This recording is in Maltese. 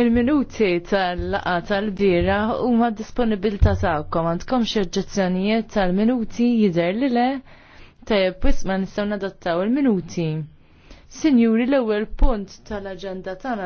Il-minuti tal-laqa tal-bdira huma d-disponibilta tagħkom għandkom xi oġġezzjonijiet tal-minuti jidher li le tajjeb wisma nistgħu nadottaw il-minuti. Sinjuri l-ewwel punt tal-aġenda tagħna